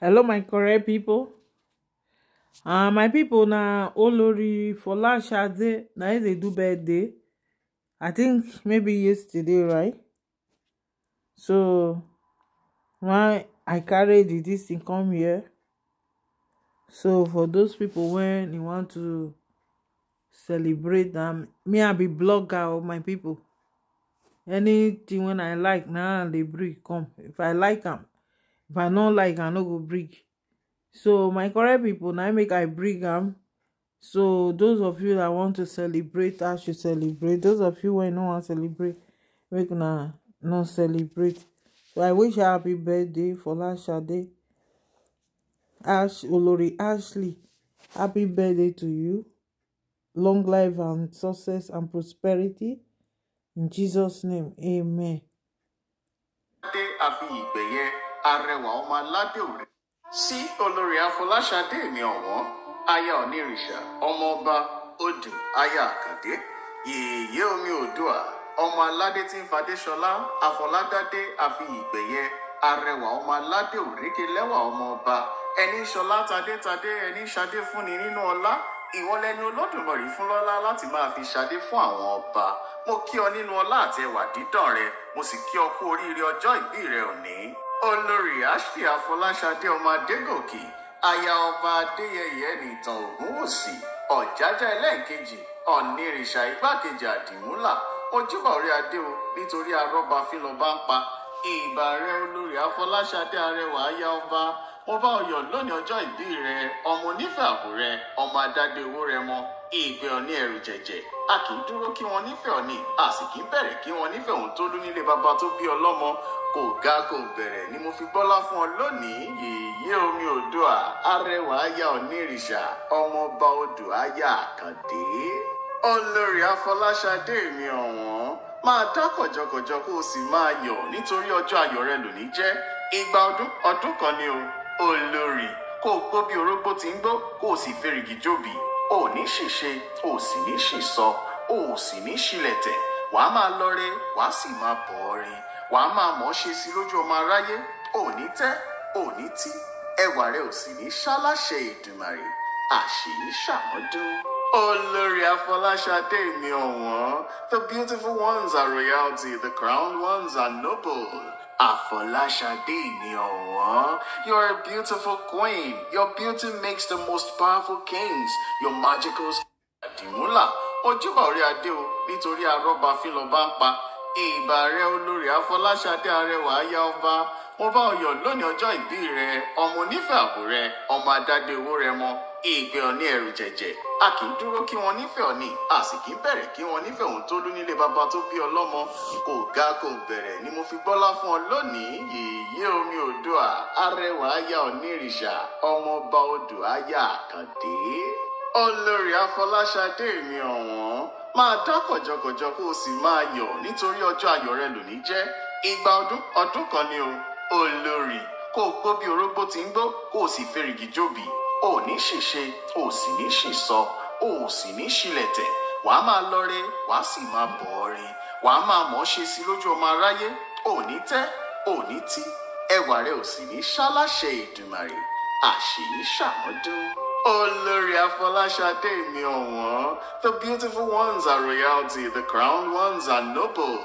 hello my correct people. and ah, my pipo na olori folashade na im dey do birthday i think maybe yesterday right so why i carry this thing come here so for those people when you want to celebrate am um, me i be blogger of oh, my people. Anything when i like na i dey bring come if i like them if i no like i no go bring so my correct people now make i bring am so those of you that want to celebrate as you celebrate those of you wey no wan celebrate make una no celebrate so i wish her happy birthday for last Shade. ash olori ashley happy birthday to you long life and success and prosperity in jesus name amen arẹwà ọmọ aládé òrẹ sí olórí afọláṣadé èmi ọ̀wọ́n aya onírìṣà ọmọọba odù aya àkàndé yèyé omi oòdùà ọmọ aládé tí ń fadéṣọlá afọládádé àfi ìgbẹ̀yẹ arẹwà ọmọ aládé òrékè lẹ́wà ọmọọba ẹni ṣọlá tadétadé ẹni ṣadé fúnni nínú ọlá ìwọlẹ́ni olódùmarè fún lọ́lá láti máa fi ṣadé fún àwọn ọba mo kí ọ nínú ọlá àti ẹwà dídàn rẹ mo sì kí ọ kú oríire ọjọ́ ìbí rẹ òní olórí ashley afọláṣadé ọmọ adégòkè aya ọba adéyẹyẹ nìtàn ògúnwòsì ọ̀jájá ẹlẹ́ẹ̀kejì ọ̀nìrìṣà igbákejì àdìmúlà ojúbà orí adé o nítorí arọ́bà fílọ́bà ń pa ìbà rẹ olórí afọláṣadé arẹwà aya ọba ó bá ọyọ̀ lónìí ọjọ́ ìbí rẹ ọmọ onífẹ́ àbò rẹ ọmọ adágbé owó rẹ mọ ìgbẹ́ ọ̀ní ẹ̀rù jẹ̀jẹ̀ a kì í dúró kí wọ́n nífẹ̀ẹ́ ọ̀ní a sì kì í bẹ̀rẹ̀ kí wọ́n nífẹ̀ẹ́ òun tó lú nílé bàbá tó bí ọlọ́mọ kò ga kò bẹ̀rẹ̀ ni mo fi bọ́lá fún ọ lónìí yèyé omi Oòduà arẹwà aya onírìṣà ọmọọba odò aya àkàndé olórí afọláṣadé mi ọ̀wọ́n máa dá kọ̀jọ̀kọ̀jọ̀ kó o sì máa yọ̀ nítorí ọjọ́ ayọ̀ rẹ lónìí jẹ́ ìgbà ọdún ọdún kan ni o olórí kó o gbọ́ bí orógbó ti ń gbọ́ kó o sì fẹ́rìgì jòbì o ní ṣìṣe o sì ní ṣìsọ o sì ní ṣìlẹ̀tẹ̀ wàá máa lọ́rẹ́ wàá sì máa bọ̀ ọ́rẹ́ wàá máa mọ̀ ọ́ ṣe sí lójú ọmọ aráyé o ní tẹ́ o ní tí ẹwà rẹ ò sì ní ṣáláṣẹ Èdùmàrè àṣìyí ṣàmọ́dún. Olórí Afọláṣadé mi ọ̀wọ́n the beautiful ones are royalty the crowned ones are noble. Afolashade Niowo. You're a beautiful queen. Your beauty makes the most powerful kings. Your magical Adimula. Ojúbà orí adé o nítorí arọ́ba fílọ́ba ń pa. Ìbà rẹ olórí Afolashade arẹwà aya ọba. Mo bá ọ lónìí ọjọ́ ìbí rẹ, ọmọ onífẹ́ àbò ọmọ adáde owó rẹ mọ́ ìgbẹ́ ọ̀ní ẹrù jẹ̀jẹ̀ a kì í dúró kí wọ́n nífẹ̀ẹ́ ọ̀ní a sì kì í bẹ̀rẹ̀ kí wọ́n nífẹ̀ẹ́ òun tó lú nílé bàbá tó bí ọlọ́mọ kò ga kò bẹ̀rẹ̀ ni mo fi gbọ́lá fún ọ lónìí yèyé omi Oòduà arẹwà aya onírìṣà ọmọọba odò aya àkàndé olórí afọláṣadé mi ọ̀wọ́n máa dá kọ̀jọ̀kọ̀jọ̀ kó o sì máa yọ̀ nítorí ọjọ́ ayọ̀ rẹ lónìí jẹ́ ìgbà ọdún ọdún kan ni o olórí kó o gbó bí orógbó ti ń gbó kó o sì fẹ́rìgì jóbi ò ní ṣìṣe ò sì ní ṣìsọ ò sì ní ṣìlẹ̀tẹ̀ wàá máa lọ́re wàá sì máa bọ̀ ọ́ re wàá máa mọ̀ ọ́ ṣe sí lójú ọmọ aráyé ò ní tẹ́ ò ní tí ẹwà rẹ ò sì ní ṣáláṣẹ Èdùmàrè àṣìyí ṣàmọ́dún. Olórí Afọláṣadé mi ọ̀wọ́n. The beautiful ones are royalty, the crowned ones are noble.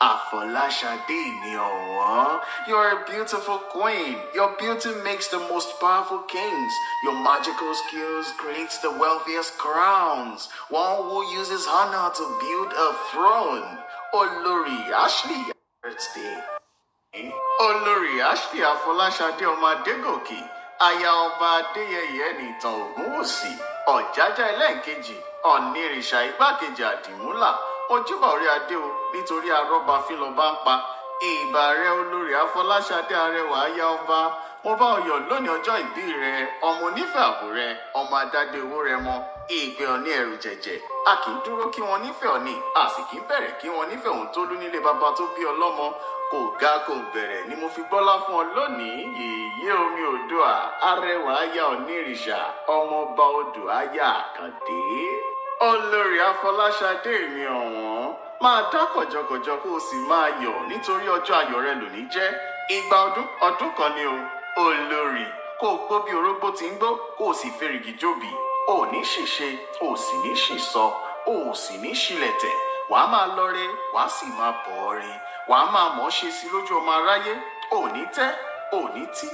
Afolashade Niowa. You're a beautiful queen. Your beauty makes the most powerful kings. Your magical skills creates the wealthiest crowns. One who uses honor to build a throne. Olori Ashley birthday. Olori Ashley my Omadegoki. Aya ọba Adéyẹyẹ ní ìtàn Ògúnwùsì, Ọ̀jájá ẹlẹ́ẹ̀kejì, Ọ̀nìrìṣà igbákejì dimula. ojúbà orí adé o nítorí arọ́ba fílọ́ba ń pa ìbà rẹ olórí afọláṣadé arẹwà aya ọba ọba ọ̀yọ́ lónìí ọjọ́ ìbí rẹ ọmọ onífẹ́ àbò rẹ ọmọ adáde owó rẹ mọ ìgbẹ ọní ẹrù jẹjẹ a kì í dúró kí wọn nífẹ̀ẹ́ ọní a sì kì í bẹ̀rẹ̀ kí wọn nífẹ̀ẹ́ òun tó lú nílé baba tó bí ọlọ́mọ kò ga kò bẹ̀rẹ̀ ni mo fi gbọ́lá fún ọ lónìí yèyé omi odò arẹwà aya ọ̀nìrìṣà ọmọọba odò aya àkàndé olórí afọláṣadé mi ọ̀wọ́n máa dá kọ̀jọ̀kọ̀jọ̀ kó o sì máa yọ̀ nítorí ọjọ́ ayọ̀ rẹ lónìí jẹ́ igba ọdún ọdún kan ni o olórí kó o gbó bí orógbó ti ń gbó kó o sì fèrègì jòbì o ò ní ṣìṣe o ò sì ní ṣìsọ o ò sì ní ṣìlẹ̀tẹ̀ wàá máa lọ́re wàá sì máa bọ̀ ọ́re wàá máa mọ̀ ọ́ ṣe sí lójú ọmọ aráyé ò ní tẹ́ ò ní tí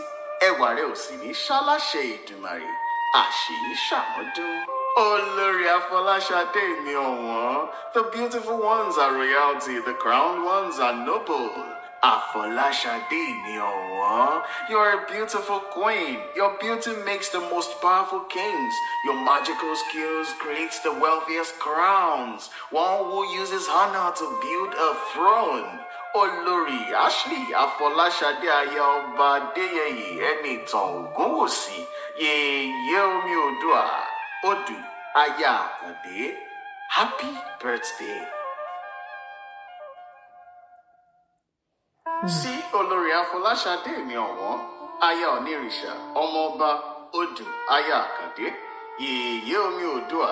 ẹwà rẹ ò sì ní ṣáláṣẹ Èdùmàrè àṣèyí ṣàmọ́dún. Olori Afolashade ni ọ̀wọ́n. The beautiful ones are royalty, the crowned ones are noble. Afolashade ni ọ̀wọ́n. You are a beautiful queen. Your beauty makes the most powerful kings. Your magical skills creates the wealthiest crowns. One who uses honor to build a throne. Olori Ashley Afolashade Aya Ọba Adéyẹyè ẹni ìtàn ye yèyé omi Odu aya àkàndé happy birthday. Hmm. sí olórí afọláṣadé mi ọ̀wọ́n aya onírìṣà ọmọọba odù aya àkàndé yèyé omi oòdùà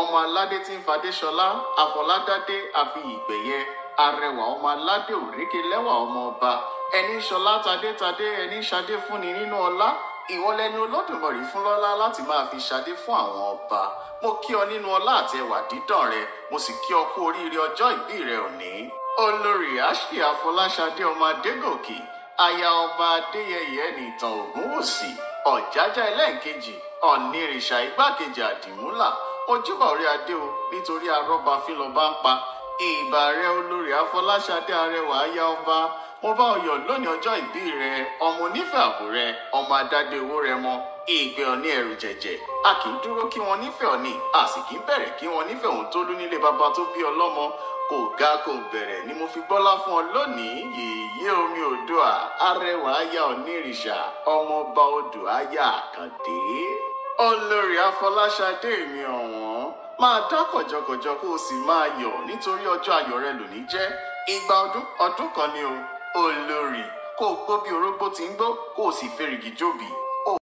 ọmọ aládé tí ń fadéṣọlá afọládádé àfihìgbẹ̀yẹ arẹwà ọmọ aládé òrékelẹ́wà ọmọọba ẹni ṣọlá tadétadé ẹni ṣadé fúnni nínú ọlá ìwọ lẹni olódùmarè fún lọ́lá láti máa fi ṣadé fún àwọn ọba mo kí ọ nínú ọlá àti ẹwà dídàn rẹ mo sì kí ọ kú oríire ọjọ́ ìbí rẹ òní olórí ashley afọláṣadé ọmọ adégòkè aya ọba adéyẹyẹ ní ìtàn ògúnwùsì ọ̀jájá ẹlẹ́ẹ̀kejì ọ̀nìrìṣà igbákejì àdìmúlà ojúbà orí adé o nítorí arọ́bà fílọ́ba ń pa ìbà rẹ olórí àfọláṣadé arẹwà aya ọba ọba ọ̀yọ́ lónìí ọjọ́ ìbí rẹ ọmọ onífẹ́ àbò rẹ ọmọ adáde owó rẹ mọ ìgbẹ ọní ẹrù jẹjẹ a kì í dúró kí wọn nífẹ̀ẹ́ ọní a sì kì í bẹ̀rẹ̀ kí wọn nífẹ̀ẹ́ òun tó lú nílé baba tó bí ọlọ́mọ kò ga kò bẹ̀rẹ̀ ni mo fi gbọ́lá fún ọ lónìí yèyé omi odòà arẹwà aya onírìṣà ọmọọba odò aya àkàndé olórí àfọláṣadé mi ọ̀wọ́n máa dá kọ̀jọ̀kọ̀jọ̀ kó o sì máa yọ̀ nítorí ọjọ́ ayọ̀ rẹ lónìí jẹ́ igba ọdún ọdún kan ni o olórí kó o gbó bí orógbó ti ń gbó kó o sì fèrègì jòbì